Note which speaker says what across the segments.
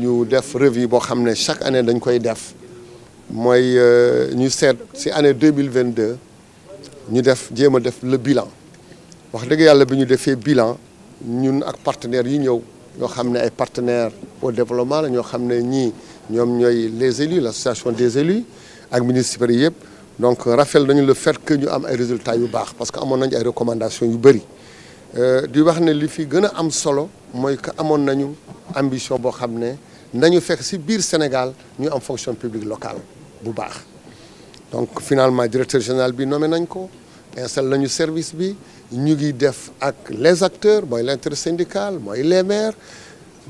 Speaker 1: ñu def revue boo xam ne chaque année dañ koy def mooy euh, ñu seet ci année deux mille vingt deux ñu def jéem a def le bilan wax dëgg yàlla bi ñu defee bilan ñun ak partenaires yu ñëw ñoo xam ne ay partenaires au développement la ñoo xam ne ñii ñoom ñooy les élus l'association des élus ak ministres yi yëpp. donc euh, rafet nañu le fait que ñu am ay résultats yu baax parce que amoon nañu ay recommandations yu bëri euh, di wax ne li fi gën a am solo mooy que amoon nañu ambition boo xam ne nañu fekk si biir Sénégal ñu am fonction publique locale bu baax donc finalement directeur général bi nommé nañ ko installé nañu service bi ñu ngi def ak les acteurs mooy l'intersyndical mooy les maires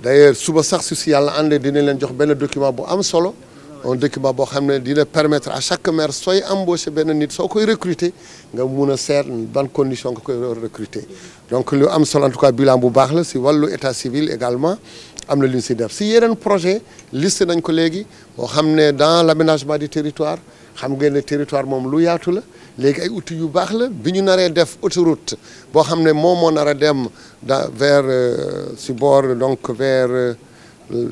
Speaker 1: d'ailleurs suba sax su si yàlla àndee dina leen jox benn document bu am solo un document boo xam ne dina permettre à chaque maire sooy embaucher benn nit soo koy recruter nga mun a seet ban condition nga koy recruter donc lu am solo en tout cas bilan bu baax la si wàllu état civil également am na lu si def si yeneen projet liste nañ ko léegi boo xam ne dans l' aménagement du territoire xam ngeen ne territoire moom lu yaatu la léegi ay outils yu baax la bi ñu naree def autoroute boo xam ne moom moo nar a dem da vers euh, si bord donc ver euh,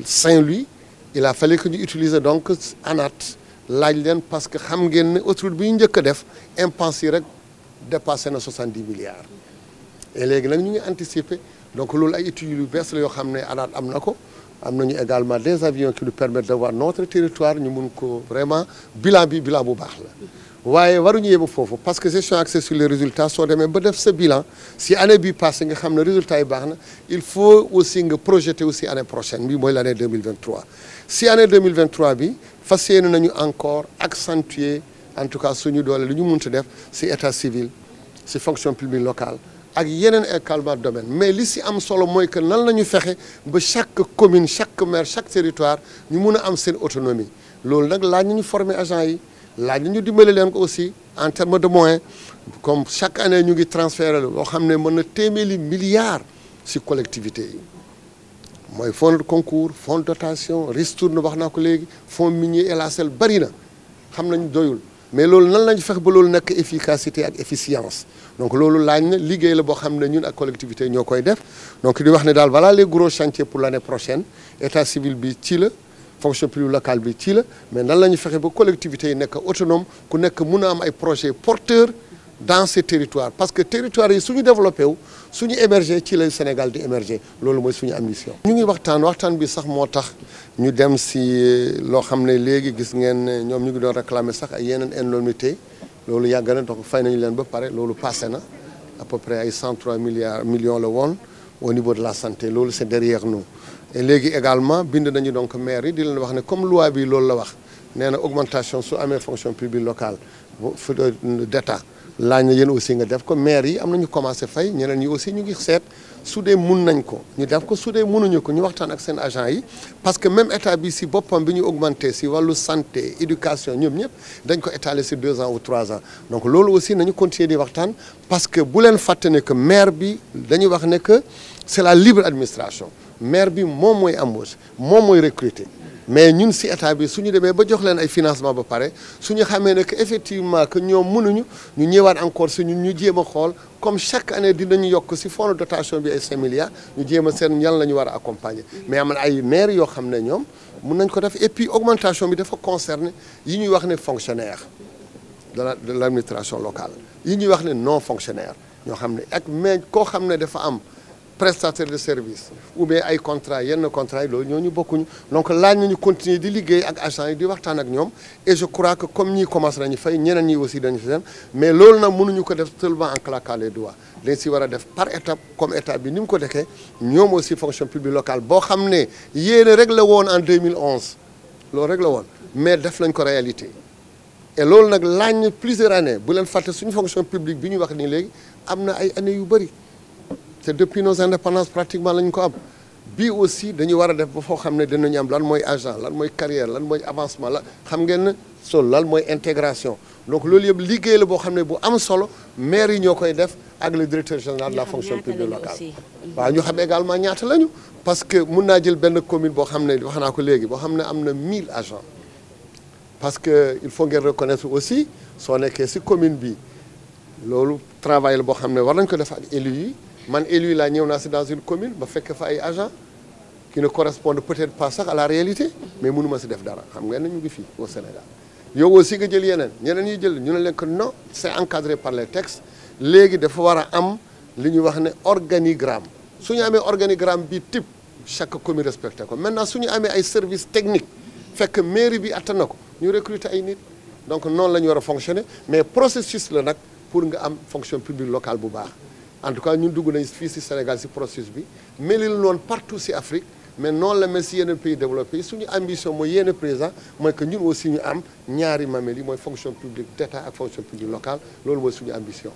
Speaker 1: Saint-Louis il a fallu que ñu utiliser donc ANAT laaj leen parce que xam ngeen ne autoroute bi ñu njëkk a def impenses yi rek dépassé na 70 milliards et léegi nag ñu ngi anticiper donc loolu ay études yu bees la yoo xam ne ANAT am na ko am nañu également des avions qui nous permettent d'avoir notre territoire ñu mun ko vraiment bilan bi bilan bu baax la waaye ñu yem foofu parce que gestion axée sur les résultats soo demee ba def sa bilan si année bi passé nga xam ne résultat yi baax na il faut aussi nga projeter aussi année prochaine bi mooy l' année 2023 si année 2023 bi fas yéene nañu encore accentuer en tout cas suñu doole lu ñu ti def si état civil si fonction publique locale ak yeneen également domaine mais li si am solo mooy que nan la ñu fexe ba chaque commune chaque maire chaque territoire ñu mun a am seen autonomie loolu nag laaj nañu former agent yi laaj na ñu dimbale leen ko aussi en de moyens comme chaque année ñu ngi transféré loo xam ne mën na téeméeri milliards si collectivité yi mooy fonds de concours fonds de dotation ristourne wax naa ko léegi fonds minier et la sel bari na xam nañ doyul mais loolu nan lañ fex ba loolu nekk efficacité ak efficience donc loolu laaj na liggéey la boo xam ne ñun ak collectivité ñoo koy def donc di wax ne daal voilà les gros chantiers pour l'année prochaine état civil bi ci la fonction publique locale bi ci la mais nan la ñu fexe ba collectivités yi nekk autonome ku nekk mun a am ay projet porteur dans ces territoires parce que territoires yi suñu développé wu suñu émergé ci lay Sénégal di émergé loolu mooy suñu ambition. ñu ngi waxtaan waxtaan bi sax moo tax ñu dem si euh, loo xam ne léegi gis ngeen ñoom ñu ngi doon réclamer sax ay yeneen indemnité loolu yàgg na donc fay nañu leen ba pare loolu passé na à peu près ay 103 milliards millions la au niveau de la santé loolu c'est derrière nous. léegi également bind nañu donc maire yi di leen wax ne comme loi bi loolu la wax nee na augmentation su amee fonction publique locale d'état laaj na yéen aussi nga def ko maire yi am nañu commencé fay ñeneen ñi aussi ñu ngi seet su dee mun nañ ko ñu def ko su dee mënuñu ko ñu waxtaan ak seen agent yi parce que même état bi si boppam bi ñu augmenté si wàllu santé éducation ñoom ñëpp dañ ko étaler si deux ans trois ans donc loolu aussi nañu continuer di waxtaan parce que bu leen fàtte ne que maire bi dañuy wax ne que c'est la libre administration maire bi moom mooy embauche moom mooy recruter mais ñun si état bi su ñu demee ba jox leen ay financement ba pare suñu ñu xamee ne effectivement que ñoom mënuñu ñu ñëwaat encore si ñu jéem xool comme chaque année dinañu yokk si fonds de dotation bi ay 5 milliards ñu jéem seen yan la ñu war a accompagner mais am na ay maire yoo xam ne ñoom mun nañ ko def et puis augmentation bi dafa concerner yi ñuy wax ne fonctionnaire de la de locale yi ñuy wax ne non fonctionnaire ñoo xam ne ak mais koo xam ne dafa am. prestataire de service ou bien ay contrat yenn contrat yi loolu ñooñu bokkuñu donc laaj nañu continuer di liggéey ak agent yi di waxtaan ak ñoom et je crois que comme ñii commencé nañu fay ñeneen ñi aussi dañu fi dem mais loolu nag mënuñu ko def seulement en claquant les doigts dañ si war a def par étape comme état bi ni mu ko defee ñoom aussi fonction publique locale boo xam ne yéene rek la woon en 2011 loolu rek la woon mais def lañ ko réalité et loolu nag laaj na bu leen fàtte suñu fonction publique bi ñu wax nii léegi am na ay années yu bëri te depuis nos indépendances pratiquement la ñu ko am bii aussi dañu war a def ba foo xam ne dinañu am lan mooy agent lan mooy carrière lan mooy avancement la xam ngeen ne solo lan mooy intégration donc loolu yëpp liggéey la boo xam ne bu am solo maire yi ñoo koy def ak le directeur général de la fonction publique locale waaw ñu également ñaata lañu parce que mun naa jël benn commune boo xam ne wax naa ko léegi boo xam ne am na 1000 agents parce que il faut ngeen reconnaître aussi soo nekkee si commune bi loolu travail la boo xam ne war nañ ko def ak élus man élu laa ñëw naa si dans une commune ba fekk fa ay agent qui ne correspondent peut-être pas sax à la réalité mais mënu si def dara xam nga ne ñu ngi fii au Sénégal yow aussi nga jël yeneen ñeneen ñuy jël ñu ne leen que non c'est encadré par le textes léegi dafa war a am li ñuy wax ne organigramme su ñu amee organigramme bi type chaque commune respecté ko maintenant su ñu amee ay services technique fekk mairie bi attan na ko ñu recruter ay nit donc noonu la ñu war a fonctionner mais processus la nag pour nga am fonction publique locale bu baax en tout cas ñun dugg nañu fii si Sénégal si processus bi melil noonu partout si Afrique mais noonu la mel si yeneen pays développé suñu ambition mooy yeneen président mooy que ñun aussi ñu am ñaari mamel yi mooy fonction publique d'État ak fonction publique locale loolu mooy suñu ambition